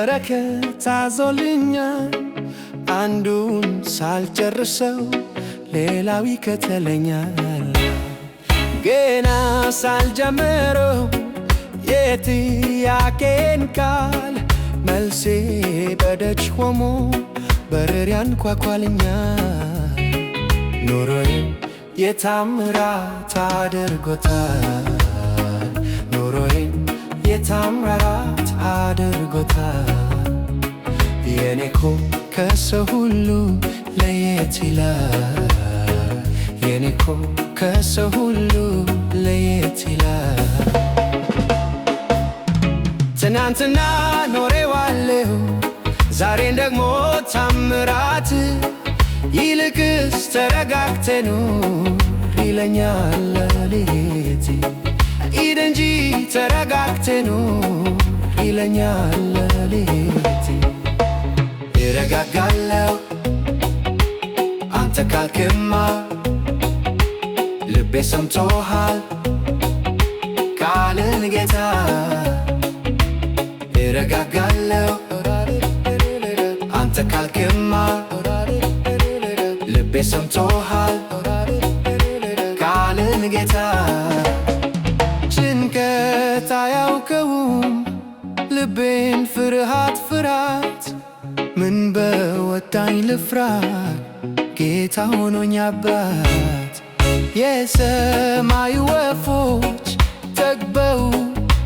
በረከት አዞልኛል። አንዱን ሳልጨርሰው ሌላው ይከተለኛል። ገና ሳልጀምረው የጥያቄን ቃል መልሴ በደጅ ቆሞ በርር ያንኳኳልኛል። ኑሮዬን የታምራት አድርጎታል። ኑሮዬን የታምራት አድርጎታል። የኔኮ ከሰው ሁሉ ለየት ይላል። የኔኮ ከሰው ሁሉ ለየት ይላል። ትናንትና ኖሬዋለሁ ዛሬን ደግሞ ታምራት ይልቅስ ተረጋግተኑ ይለኛል ሌሊቴ ኢድ ተረጋግተኑ ይለኛል ሌሊቴ ይረጋጋለው አንተ ካልክማ ልቤ ሰምቶሃል ቃልን ጌታ ይረጋጋለው አንተ ካልክማ ልቤ ሰምቶሃል ቃልን ጌታ ጭንቀት አያውከውም ልቤን ፍርሃት ፍርሃት ምን በወጣኝ ልፍራ ጌታ ሆኖኝ አባት የሰማይ ወፎች ጠግበው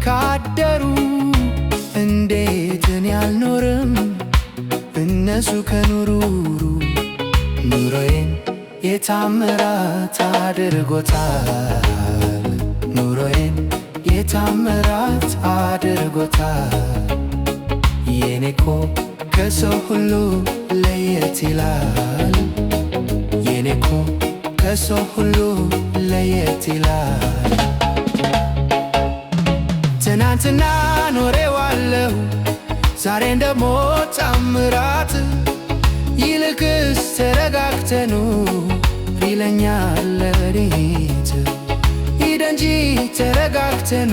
ካደሩ እንዴት እኔ አልኖርም እነሱ ከኑሩሩ ኑሮዬን የታምራት አድርጎታል ኑሮዬን የታምራት አድርጎታል። የኔኮ ከሰው ሁሉ ለየት ይላል። የኔኮ ከሰው ሁሉ ለየት ይላል። ትናንትና ኖሬዋለሁ ዛሬን ደሞ ታምራት ይልቅስ ተረጋግተኑ ይለኛል። ተረጋግተኑ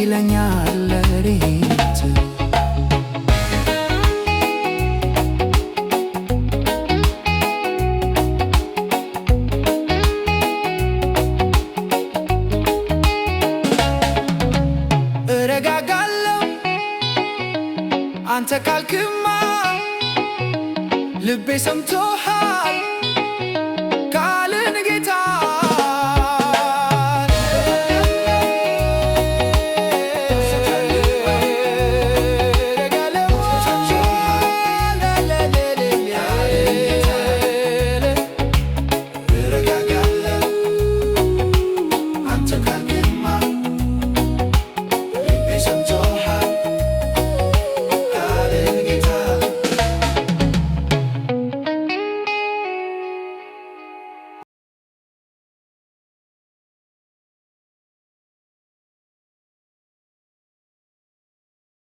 ይለኛል ለሬት እረጋጋለሁ አንተ ካልክማ ልቤ ሰምቶሃል